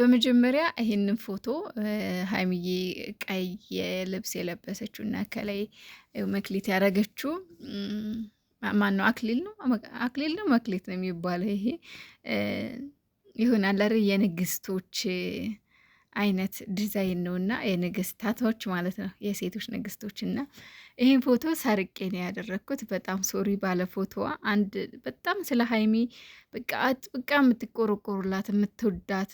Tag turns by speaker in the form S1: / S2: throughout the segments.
S1: በመጀመሪያ ይህንን ፎቶ ሀይሚዬ ቀይ ልብስ የለበሰችው እና ከላይ መክሊት ያደረገችው ማን ነው? አክሊል ነው አክሊል ነው መክሊት ነው የሚባለው ይሄ ይሆናል አይደል? የንግስቶች አይነት ዲዛይን ነው እና የንግስታቶች ማለት ነው የሴቶች ንግስቶች። እና ይህን ፎቶ ሰርቄ ነው ያደረግኩት። በጣም ሶሪ ባለ ፎቶዋ አንድ በጣም ስለ ሀይሚ በቃ አጥብቃ የምትቆረቆሩላት የምትወዳት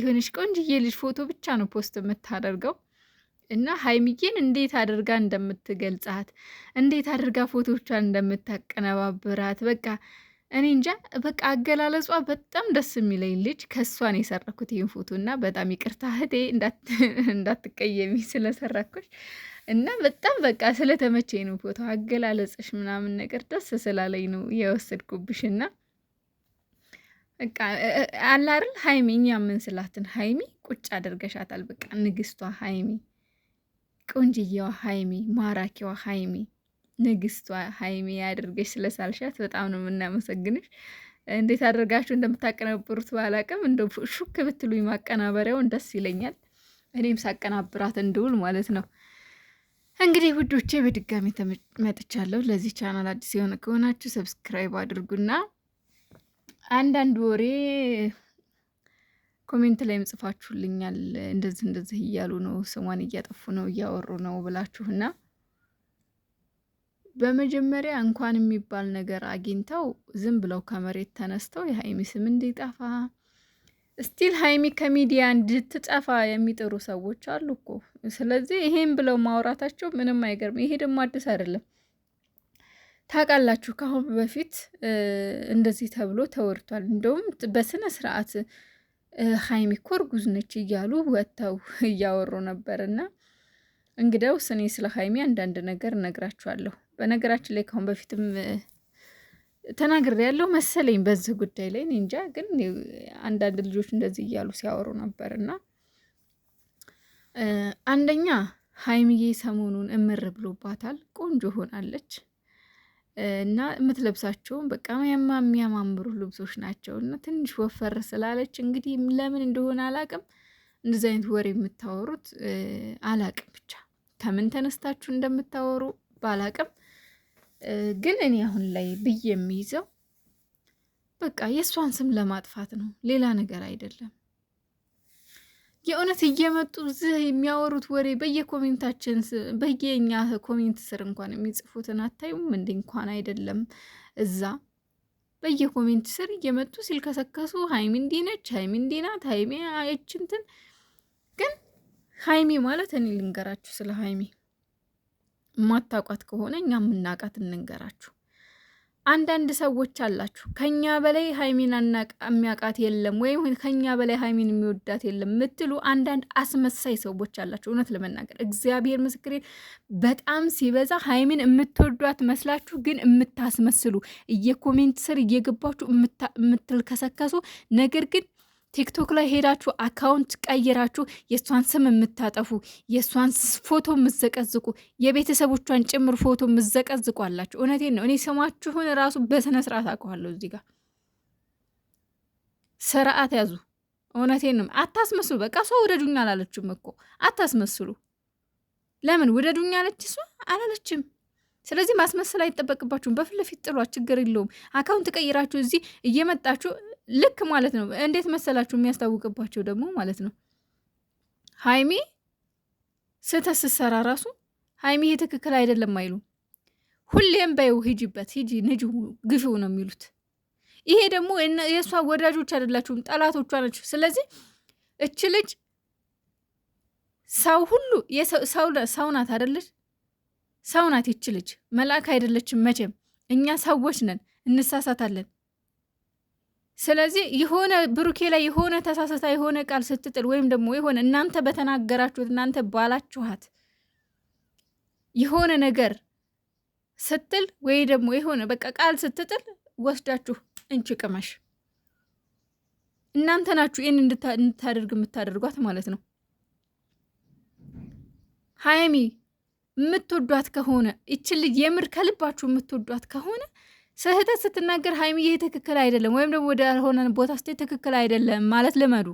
S1: የሆነች ቆንጅዬ ልጅ ፎቶ ብቻ ነው ፖስት የምታደርገው እና ሀይሚዬን እንዴት አድርጋ እንደምትገልጻት እንዴት አድርጋ ፎቶቿን እንደምታቀነባብራት በቃ እኔ እንጃ በቃ አገላለጿ በጣም ደስ የሚለኝ ልጅ ከእሷን የሰረኩት ይህን ፎቶ እና በጣም ይቅርታ እህቴ እንዳትቀየሚ ስለሰረኩሽ እና በጣም በቃ ስለተመቼ ነው ፎቶ አገላለጽሽ ምናምን ነገር ደስ ስላለኝ ነው የወሰድኩብሽ እና በቃ አላርል ሀይሚ እኛ ምን ስላትን ሀይሚ ቁጭ አድርገሻታል። በቃ ንግስቷ ሀይሚ፣ ቆንጅየዋ ሀይሚ፣ ማራኪዋ ሀይሚ ንግስቷ ሀይሚ ያድርገሽ ስለሳልሻት በጣም ነው የምናመሰግንሽ። እንዴት አድርጋችሁ እንደምታቀናብሩት ባላቅም እንደ ሹክ ብትሉኝ ማቀናበሪያውን ደስ ይለኛል። እኔም ሳቀናብራት እንድውል ማለት ነው። እንግዲህ ውዶቼ በድጋሚ ተመጥቻለሁ። ለዚህ ቻናል አዲስ የሆነ ከሆናችሁ ሰብስክራይብ አድርጉና አንዳንድ ወሬ ኮሜንት ላይም ጽፋችሁልኛል እንደዚህ እንደዚህ እያሉ ነው ስሟን እያጠፉ ነው እያወሩ ነው ብላችሁና በመጀመሪያ እንኳን የሚባል ነገር አግኝተው ዝም ብለው ከመሬት ተነስተው የሀይሚ ስም እንዲጠፋ ስቲል ሀይሚ ከሚዲያ እንድትጠፋ የሚጥሩ ሰዎች አሉ እኮ። ስለዚህ ይሄን ብለው ማውራታቸው ምንም አይገርም። ይሄ ደግሞ አዲስ አይደለም። ታውቃላችሁ፣ ከአሁን በፊት እንደዚህ ተብሎ ተወርቷል። እንደውም በስነ ስርዓት ሀይሚ እኮ እርጉዝ ነች እያሉ ወጥተው እያወሩ ነበርና እንግዲያውስ እኔ ስለ ሀይሚ አንዳንድ ነገር እነግራችኋለሁ። በነገራችን ላይ ካሁን በፊትም ተናግሬ ያለው መሰለኝ በዚህ ጉዳይ ላይ እንጃ፣ ግን አንዳንድ ልጆች እንደዚህ እያሉ ሲያወሩ ነበር እና አንደኛ ሀይሚዬ ሰሞኑን እምር ብሎባታል። ቆንጆ ሆናለች እና የምትለብሳቸውም በቃ የሚያማምሩ ልብሶች ናቸው። እና ትንሽ ወፈር ስላለች እንግዲህ ለምን እንደሆነ አላቅም፣ እንደዚህ አይነት ወሬ የምታወሩት አላቅም። ብቻ ከምን ተነስታችሁ እንደምታወሩ ባላቅም ግን እኔ አሁን ላይ ብዬ የሚይዘው በቃ የእሷን ስም ለማጥፋት ነው፣ ሌላ ነገር አይደለም። የእውነት እየመጡ ዝህ የሚያወሩት ወሬ በየኮሜንታችን በየኛ ኮሜንት ስር እንኳን የሚጽፉትን አታዩም? እንዲ እንኳን አይደለም እዛ በየኮሜንት ስር እየመጡ ሲልከሰከሱ ሀይሚ እንዲህ ነች፣ ሀይሚ እንዲህ ናት፣ ሀይሚ ግን ሀይሚ ማለት እኔ ልንገራችሁ ስለ ሀይሚ ማታውቋት ከሆነ እኛ የምናውቃት እንንገራችሁ። አንዳንድ ሰዎች አላችሁ ከኛ በላይ ሀይሚን የሚያውቃት የለም ወይም ከኛ በላይ ሀይሚን የሚወዳት የለም የምትሉ አንዳንድ አስመሳይ ሰዎች አላችሁ። እውነት ለመናገር እግዚአብሔር ምስክር በጣም ሲበዛ ሀይሚን የምትወዷት መስላችሁ ግን የምታስመስሉ እየኮሜንት ስር እየገባችሁ የምትልከሰከሱ ነገር ግን ቲክቶክ ላይ ሄዳችሁ አካውንት ቀይራችሁ የእሷን ስም የምታጠፉ የእሷን ፎቶ የምዘቀዝቁ የቤተሰቦቿን ጭምር ፎቶ የምዘቀዝቁ አላችሁ። እውነቴን ነው። እኔ ስማችሁን ራሱ በስነ ስርዓት አውቀዋለሁ። እዚህ ጋር ስርዓት ያዙ። እውነቴን ነው። አታስመስሉ። በቃ እሷ ውደዱኛ አላለችም እኮ አታስመስሉ። ለምን ውደዱኛ አለች? እሷ አላለችም። ስለዚህ ማስመሰል አይጠበቅባችሁም። በፊት ለፊት ጥሏት ችግር የለውም። አካውንት ቀይራችሁ እዚህ እየመጣችሁ ልክ ማለት ነው። እንዴት መሰላችሁ የሚያስታውቅባቸው ደግሞ ማለት ነው ሀይሚ ስህተት ስትሰራ ራሱ ሀይሚ ይሄ ትክክል አይደለም አይሉ ሁሌም በይው ሂጂበት፣ ሂጂ ንጂ፣ ግፊው ነው የሚሉት። ይሄ ደግሞ የእሷ ወዳጆች አይደላችሁም ጠላቶቿ ናቸው። ስለዚህ እች ልጅ ሰው ሁሉ ሰው ናት አይደለች? ሰው ናት ይች ልጅ፣ መልአክ አይደለችም መቼም። እኛ ሰዎች ነን፣ እንሳሳታለን። ስለዚህ የሆነ ብሩኬ ላይ የሆነ ተሳስታ የሆነ ቃል ስትጥል ወይም ደግሞ የሆነ እናንተ በተናገራችሁት እናንተ ባላችኋት የሆነ ነገር ስትል ወይ ደግሞ የሆነ በቃ ቃል ስትጥል ወስዳችሁ እንቺ ቅመሽ እናንተ ናችሁ ይህን እንድታደርግ የምታደርጓት ማለት ነው። ሀይሚ የምትወዷት ከሆነ ይችን ልጅ የምር ከልባችሁ የምትወዷት ከሆነ ስህተት ስትናገር ሀይሚ ይሄ ትክክል አይደለም ወይም ደግሞ ወደሆነ ቦታ ስትሄድ ትክክል አይደለም ማለት ልመዱ።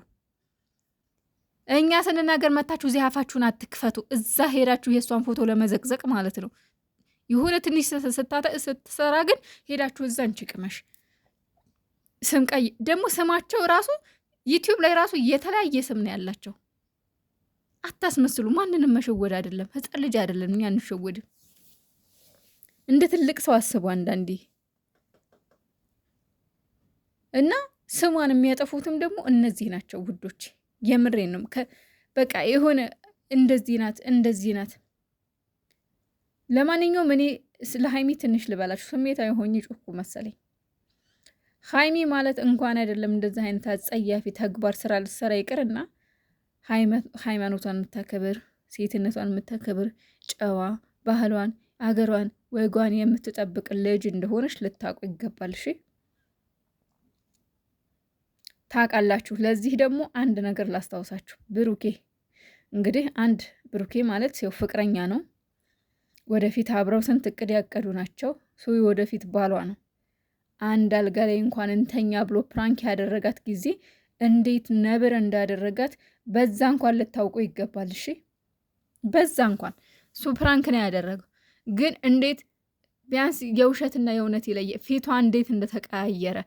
S1: እኛ ስንናገር መታችሁ እዚህ አፋችሁን አትክፈቱ። እዛ ሄዳችሁ የእሷን ፎቶ ለመዘቅዘቅ ማለት ነው። የሆነ ትንሽ ስትሰራ ግን ሄዳችሁ እዛ እንችቅመሽ ስም ቀይ ደግሞ ስማቸው ራሱ ዩቲዩብ ላይ ራሱ የተለያየ ስም ነው ያላቸው። አታስመስሉ። ማንንም መሸወድ አይደለም። ህፃን ልጅ አይደለም። እኛ አንሸወድም። እንደ ትልቅ ሰው አስቡ አንዳንዴ። እና ስሟን የሚያጠፉትም ደግሞ እነዚህ ናቸው ውዶች። የምሬን ነው። በቃ የሆነ እንደዚህ ናት፣ እንደዚህ ናት። ለማንኛውም እኔ ስለ ሀይሚ ትንሽ ልበላችሁ። ስሜታዊ ሆኜ ጮኩ መሰለኝ። ሀይሚ ማለት እንኳን አይደለም እንደዚህ አይነት አጸያፊ ተግባር ስራ ልትሰራ ይቅርና ሃይማኖቷን የምታከብር ሴትነቷን የምታከብር ጨዋ ባህሏን አገሯን ወጓን የምትጠብቅ ልጅ እንደሆነች ልታውቁ ይገባል። እሺ ታውቃላችሁ። ለዚህ ደግሞ አንድ ነገር ላስታውሳችሁ። ብሩኬ እንግዲህ አንድ ብሩኬ ማለት ሰው ፍቅረኛ ነው። ወደፊት አብረው ስንት እቅድ ያቀዱ ናቸው። ሱዊ ወደፊት ባሏ ነው። አንድ አልጋ ላይ እንኳን እንተኛ ብሎ ፕራንክ ያደረጋት ጊዜ እንዴት ነብር እንዳደረጋት በዛ እንኳን ልታውቁ ይገባል። እሺ በዛ እንኳን እሱ ፕራንክ ነው ያደረገው፣ ግን እንዴት ቢያንስ የውሸትና የእውነት ይለየ ፊቷ እንዴት እንደተቀያየረ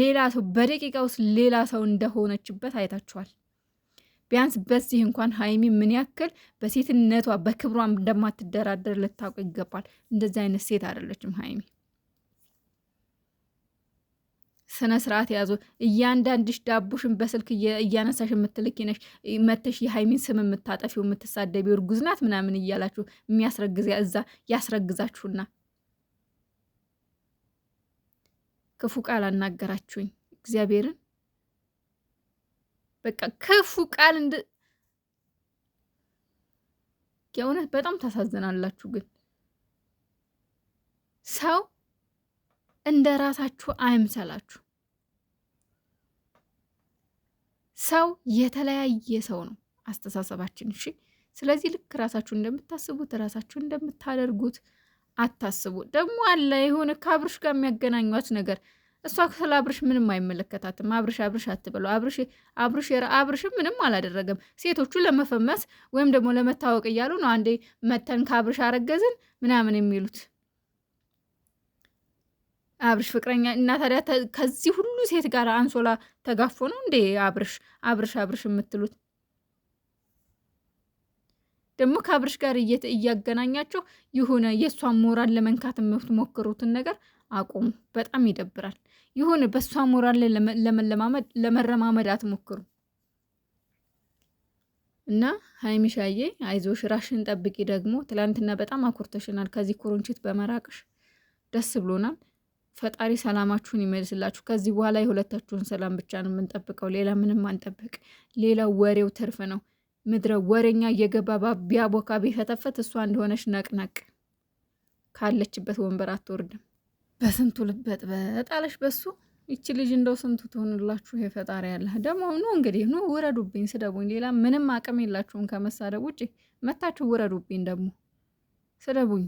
S1: ሌላ ሰው በደቂቃ ውስጥ ሌላ ሰው እንደሆነችበት አይታችኋል። ቢያንስ በዚህ እንኳን ሀይሚ ምን ያክል በሴትነቷ በክብሯ እንደማትደራደር ልታውቅ ይገባል። እንደዚህ አይነት ሴት አይደለችም ሀይሚ። ስነ ስርዓት ያዞ እያንዳንድሽ ዳቦሽን በስልክ እያነሳሽ የምትልኪ ነሽ። መተሽ የሀይሚን ስም የምታጠፊው የምትሳደቢው እርጉዝናት ምናምን እያላችሁ የሚያስረግዝ እዛ ያስረግዛችሁና ክፉ ቃል አናገራችሁኝ። እግዚአብሔርን በቃ ክፉ ቃል እንደ የእውነት በጣም ታሳዝናላችሁ። ግን ሰው እንደ ራሳችሁ አይምሰላችሁ። ሰው የተለያየ ሰው ነው አስተሳሰባችን። እሺ፣ ስለዚህ ልክ ራሳችሁ እንደምታስቡት ራሳችሁ እንደምታደርጉት አታስቡ። ደግሞ አለ የሆነ ከአብርሽ ጋር የሚያገናኟት ነገር እሷ ስለ አብርሽ ምንም አይመለከታትም። አብርሽ አብርሽ አትበለው። አብርሽ አብርሽ አብርሽ ምንም አላደረገም። ሴቶቹ ለመፈመስ ወይም ደግሞ ለመታወቅ እያሉ ነው አንዴ መተን ከአብርሽ አረገዝን ምናምን የሚሉት አብርሽ ፍቅረኛ እና ታዲያ ከዚህ ሁሉ ሴት ጋር አንሶላ ተጋፎ ነው እንዴ አብርሽ አብርሽ አብርሽ የምትሉት? ደግሞ ከአብርሽ ጋር እያገናኛቸው የሆነ የእሷን ሞራል ለመንካት የምትሞክሩትን ነገር አቁሙ። በጣም ይደብራል። የሆነ በእሷ ሞራል ለመለማመድ ለመረማመድ አትሞክሩ እና ሀይሚሻዬ አይዞሽ፣ ራሽን ጠብቂ። ደግሞ ትላንትና በጣም አኩርተሽናል። ከዚህ ኩርንችት በመራቅሽ ደስ ብሎናል። ፈጣሪ ሰላማችሁን ይመልስላችሁ። ከዚህ በኋላ የሁለታችሁን ሰላም ብቻ ነው የምንጠብቀው፣ ሌላ ምንም አንጠብቅ። ሌላው ወሬው ትርፍ ነው። ምድረ ወሬኛ እየገባ ቢያቦካ ቢፈተፈት እሷ እንደሆነች ነቅነቅ ካለችበት ወንበር አትወርድም። በስንቱ ልበጥ በጣለሽ በሱ ይቺ ልጅ እንደው ስንቱ ትሆንላችሁ። የፈጣሪ ያለ ደግሞ ኑ እንግዲህ ኑ ውረዱብኝ፣ ስደቡኝ። ሌላ ምንም አቅም የላችሁም ከመሳደብ ውጭ መታችሁ ውረዱብኝ፣ ደግሞ ስደቡኝ።